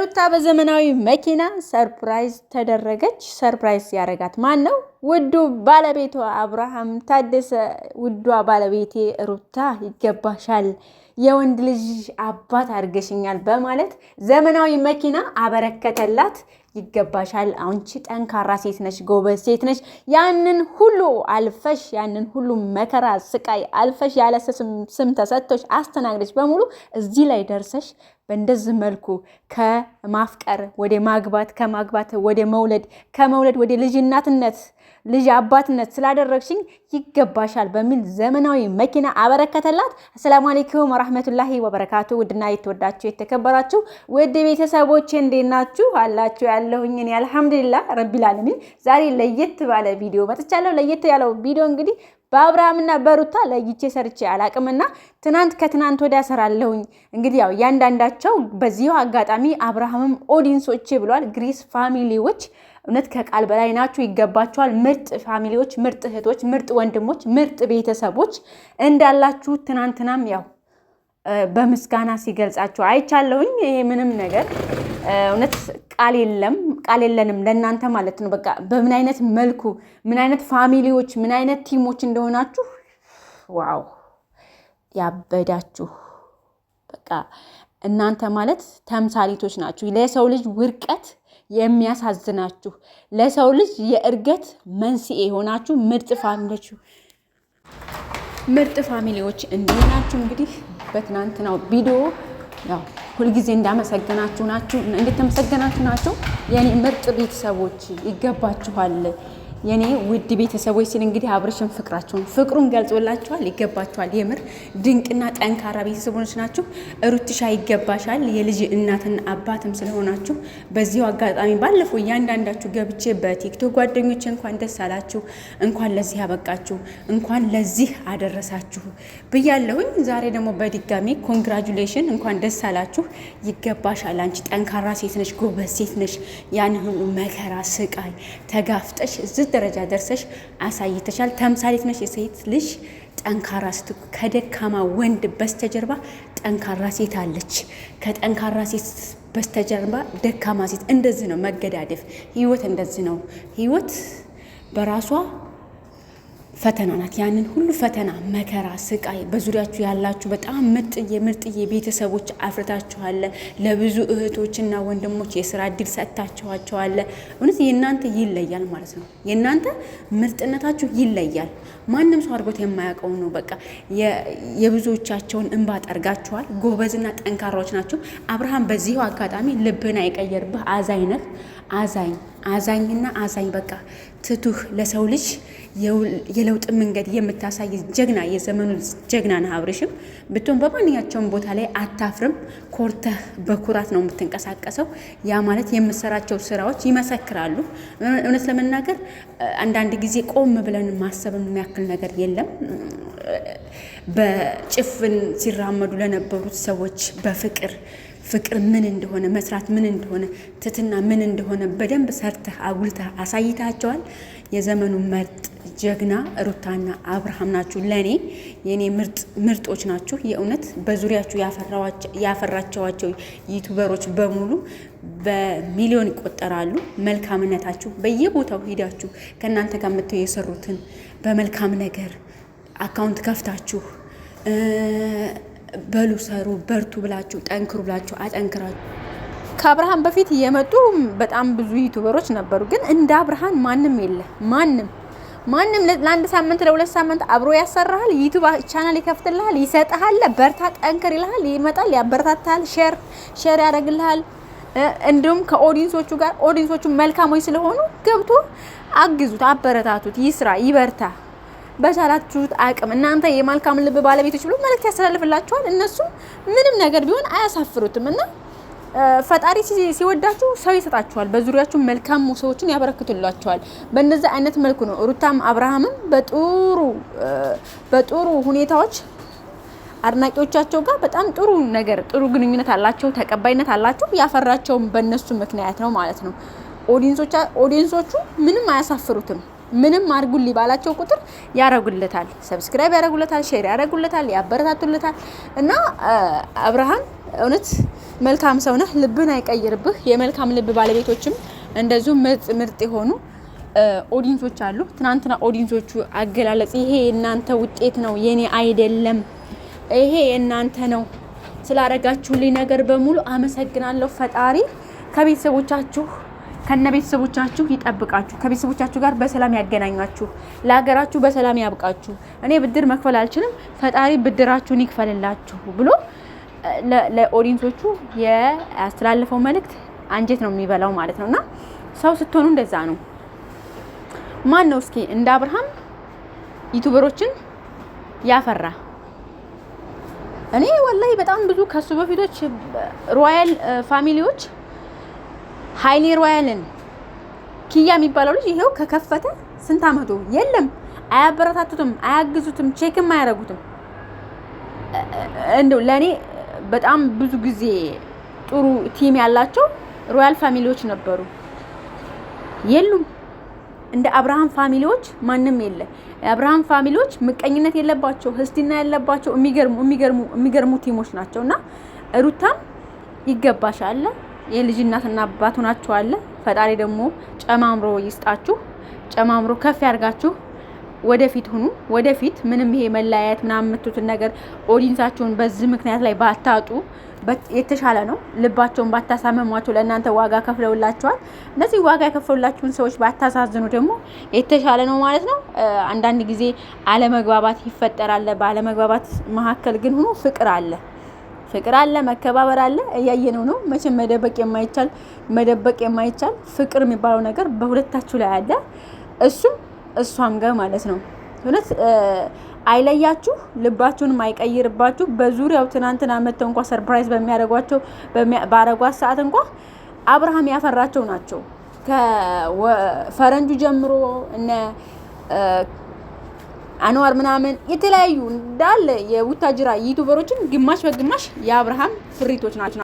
ሩታ በዘመናዊ መኪና ሰርፕራይዝ ተደረገች። ሰርፕራይዝ ያደረጋት ማን ነው? ውዱ ባለቤቷ አብርሃም ታደሰ። ውዷ ባለቤቴ ሩታ ይገባሻል የወንድ ልጅ አባት አድርገሽኛል በማለት ዘመናዊ መኪና አበረከተላት። ይገባሻል፣ አንቺ ጠንካራ ሴት ነሽ፣ ጎበዝ ሴት ነሽ። ያንን ሁሉ አልፈሽ ያንን ሁሉ መከራ ስቃይ አልፈሽ ያለ ስም ተሰጥቶሽ አስተናግደሽ በሙሉ እዚህ ላይ ደርሰሽ በእንደዚህ መልኩ ከማፍቀር ወደ ማግባት ከማግባት ወደ መውለድ ከመውለድ ወደ ልጅናትነት ልጅ አባትነት ስላደረግሽኝ ይገባሻል በሚል ዘመናዊ መኪና አበረከተላት። አሰላሙ አሌይኩም ወራህመቱላሂ ወበረካቱ። ውድና የተወዳችሁ የተከበራችሁ ውድ ቤተሰቦች እንዴት ናችሁ? አላችሁ ያለሁኝ እኔ አልሐምዱሊላ ረቢል ዛሬ ለየት ባለ ቪዲዮ መጥቻለሁ። ለየት ያለው ቪዲዮ እንግዲህ በአብርሃምና በሩታ ለይቼ ሰርቼ አላቅምና ትናንት ከትናንት ወዲያ ሰራለሁኝ። እንግዲህ ያው እያንዳንዳቸው በዚሁ አጋጣሚ አብርሃምም ኦዲንሶቼ ብሏል፣ ግሪስ ፋሚሊዎች እውነት ከቃል በላይ ናችሁ፣ ይገባችኋል። ምርጥ ፋሚሊዎች፣ ምርጥ እህቶች፣ ምርጥ ወንድሞች፣ ምርጥ ቤተሰቦች እንዳላችሁ ትናንትናም ያው በምስጋና ሲገልጻችሁ አይቻለሁኝ። ይሄ ምንም ነገር እውነት ቃል የለም ቃል የለንም ለእናንተ ማለት ነው። በቃ በምን አይነት መልኩ ምን አይነት ፋሚሊዎች ምን አይነት ቲሞች እንደሆናችሁ ዋው ያበዳችሁ። በቃ እናንተ ማለት ተምሳሌቶች ናችሁ ለሰው ልጅ ውርቀት የሚያሳዝናችሁ ለሰው ልጅ የእርገት መንስኤ የሆናችሁ ምርጥ ፋሚሊዎች ምርጥ ፋሚሊዎች እንደሆናችሁ እንግዲህ በትናንትናው ቪዲዮ ያው ሁልጊዜ እንዳመሰገናችሁ ናችሁ እንደተመሰገናችሁ ናችሁ የእኔ ምርጥ ቤተሰቦች ይገባችኋል። የኔ ውድ ቤተሰቦች ሲል እንግዲህ አብርሽን ፍቅራቸውን ፍቅሩን ገልጾላችኋል። ይገባችኋል። የምር ድንቅና ጠንካራ ቤተሰቦች ናችሁ። ሩትሻ ይገባሻል። የልጅ እናትና አባትም ስለሆናችሁ በዚሁ አጋጣሚ ባለፈው እያንዳንዳችሁ ገብቼ በቲክቶክ ጓደኞች እንኳን ደስ አላችሁ፣ እንኳን ለዚህ ያበቃችሁ፣ እንኳን ለዚህ አደረሳችሁ ብያለሁኝ። ዛሬ ደግሞ በድጋሚ ኮንግራጁሌሽን፣ እንኳን ደስ አላችሁ። ይገባሻል። አንቺ ጠንካራ ሴት ነሽ፣ ጎበዝ ሴት ነሽ። ያን ሁሉ መከራ ስቃይ ተጋፍጠሽ ደረጃ ደርሰሽ አሳይተሻል። ተምሳሌት ነሽ። የሴት ልጅ ጠንካራ ስት ከደካማ ወንድ በስተጀርባ ጠንካራ ሴት አለች። ከጠንካራ ሴት በስተጀርባ ደካማ ሴት። እንደዚህ ነው መገዳደፍ። ህይወት እንደዚህ ነው። ህይወት በራሷ ፈተና ናት። ያንን ሁሉ ፈተና፣ መከራ፣ ስቃይ በዙሪያችሁ ያላችሁ በጣም ምርጥዬ ምርጥዬ ቤተሰቦች አፍርታችኋለ። ለብዙ እህቶችና ወንድሞች የስራ እድል ሰጥታችኋቸዋለ። እውነት የእናንተ ይለያል ማለት ነው። የእናንተ ምርጥነታችሁ ይለያል። ማንም ሰው አድርጎት የማያውቀው ነው። በቃ የብዙዎቻቸውን እንባ ጠርጋችኋል። ጎበዝና ጠንካራዎች ናቸው። አብርሃም በዚሁ አጋጣሚ ልብህን አይቀየርብህ። አዛኝ ነህ። አዛኝ አዛኝና አዛኝ በቃ ትቱህ ለሰው ልጅ የለውጥ መንገድ የምታሳይ ጀግና የዘመኑ ጀግና ነህ። አብርሽም ብትሆን በማንኛቸውም ቦታ ላይ አታፍርም። ኮርተህ በኩራት ነው የምትንቀሳቀሰው። ያ ማለት የምሰራቸው ስራዎች ይመሰክራሉ። እውነት ለመናገር አንዳንድ ጊዜ ቆም ብለን ማሰብን የሚያክል ነገር የለም። በጭፍን ሲራመዱ ለነበሩት ሰዎች በፍቅር ፍቅር ምን እንደሆነ መስራት ምን እንደሆነ ትትና ምን እንደሆነ በደንብ ሰርተህ አጉልተህ አሳይታቸዋል። የዘመኑ መርጥ ጀግና ሩታና አብርሃም ናችሁ። ለእኔ የእኔ ምርጦች ናችሁ። የእውነት በዙሪያችሁ ያፈራቸዋቸው ዩቱበሮች በሙሉ በሚሊዮን ይቆጠራሉ። መልካምነታችሁ በየቦታው ሂዳችሁ ከእናንተ ጋር መጥተው የሰሩትን በመልካም ነገር አካውንት ከፍታችሁ በሉ ሰሩ፣ በርቱ ብላችሁ ጠንክሩ ብላችሁ አጠንክራችሁ ከአብርሃም በፊት የመጡ በጣም ብዙ ዩቱበሮች ነበሩ፣ ግን እንደ አብርሃን ማንም የለ። ማንም ማንም ለአንድ ሳምንት ለሁለት ሳምንት አብሮ ያሰራሃል፣ ዩቱብ ቻናል ይከፍትልሃል፣ ይሰጥሃል፣ በርታ ጠንክር ይልሃል፣ ይመጣል፣ ያበረታታል፣ ሼር ሼር ያደርግልሃል። እንዲሁም ከኦዲንሶቹ ጋር ኦዲንሶቹ መልካሞች ስለሆኑ ገብቶ አግዙት፣ አበረታቱት፣ ይስራ፣ ይበርታ። በቻላችሁት አቅም እናንተ የመልካም ልብ ባለቤቶች ብሎ መልእክት ያስተላልፍላችኋል። እነሱ ምንም ነገር ቢሆን አያሳፍሩትም እና ፈጣሪ ሲወዳችሁ ሰው ይሰጣችኋል። በዙሪያችሁ መልካም ሰዎችን ያበረክቱላችኋል። በእነዚህ አይነት መልኩ ነው ሩታም አብርሃምም በጥሩ በጥሩ ሁኔታዎች አድናቂዎቻቸው ጋር በጣም ጥሩ ነገር ጥሩ ግንኙነት አላቸው፣ ተቀባይነት አላቸው። ያፈራቸውም በእነሱ ምክንያት ነው ማለት ነው። ኦዲየንሶቹ ምንም አያሳፍሩትም። ምንም አድርጉልኝ ባላቸው ቁጥር ያረጉለታል፣ ሰብስክራይብ ያረጉለታል፣ ሼር ያረጉለታል፣ ያበረታቱለታል። እና አብርሃም እውነት መልካም ሰው ነህ፣ ልብን አይቀይርብህ። የመልካም ልብ ባለቤቶችም እንደዚሁ ምርጥ ምርጥ የሆኑ ኦዲንሶች አሉ። ትናንትና ኦዲንሶቹ አገላለጽ ይሄ የእናንተ ውጤት ነው የኔ አይደለም፣ ይሄ የእናንተ ነው። ስላረጋችሁልኝ ነገር በሙሉ አመሰግናለሁ። ፈጣሪ ከቤተሰቦቻችሁ ከነ ቤተሰቦቻችሁ ይጠብቃችሁ፣ ከቤተሰቦቻችሁ ጋር በሰላም ያገናኛችሁ፣ ለሀገራችሁ በሰላም ያብቃችሁ። እኔ ብድር መክፈል አልችልም፣ ፈጣሪ ብድራችሁን ይክፈልላችሁ ብሎ ለኦዲንሶቹ ያስተላለፈው መልእክት አንጀት ነው የሚበላው ማለት ነው። እና ሰው ስትሆኑ እንደዛ ነው። ማን ነው እስኪ እንደ አብርሃም ዩቱበሮችን ያፈራ? እኔ ወላይ በጣም ብዙ ከሱ በፊቶች ሮያል ፋሚሊዎች ሀይሌ ሮያልን ኪያ የሚባለው ልጅ ይሄው ከከፈተ ስንት አመቱ የለም። አያበረታቱትም፣ አያግዙትም፣ ቼክም አያደርጉትም። እንደው ለእኔ በጣም ብዙ ጊዜ ጥሩ ቲም ያላቸው ሮያል ፋሚሊዎች ነበሩ፣ የሉም። እንደ አብርሃም ፋሚሊዎች ማንም የለ። አብርሃም ፋሚሊዎች ምቀኝነት የለባቸው፣ ህስድና ያለባቸው የሚገርሙ የሚገርሙ ቲሞች ናቸው እና ሩታም ይገባሻል የልጅ እናትና አባት አለ ፈጣሪ ደግሞ ጨማምሮ ይስጣችሁ፣ ጨማምሮ ከፍ ያርጋችሁ። ወደፊት ሁኑ፣ ወደፊት ምንም ይሄ መለያየት ምናምን የምትሉትን ነገር ኦዲንሳችሁን በዚህ ምክንያት ላይ ባታጡ የተሻለ ነው። ልባቸውን ባታሳመሟቸው፣ ለእናንተ ዋጋ ከፍለውላቸዋል። እነዚህ ዋጋ የከፈሉላችሁን ሰዎች ባታሳዝኑ ደግሞ የተሻለ ነው ማለት ነው። አንዳንድ ጊዜ አለመግባባት ይፈጠራል። በአለመግባባት መካከል ግን ሁኑ፣ ፍቅር አለ። ፍቅር አለ፣ መከባበር አለ። እያየነው ነው መቼም መደበቅ የማይቻል መደበቅ የማይቻል ፍቅር የሚባለው ነገር በሁለታችሁ ላይ አለ፣ እሱም እሷም ጋር ማለት ነው። እውነት አይለያችሁ፣ ልባችሁንም አይቀይርባችሁ። በዙሪያው ትናንትና መተው እንኳ ሰርፕራይዝ በሚያደርጓቸው ባረጓት ሰዓት እንኳ አብርሃም ያፈራቸው ናቸው ከፈረንጁ ጀምሮ እነ አኗር ምናምን የተለያዩ እንዳለ የቡታጅራ ዩቱበሮችን ግማሽ በግማሽ የአብርሃም ፍሪቶች ናቸው።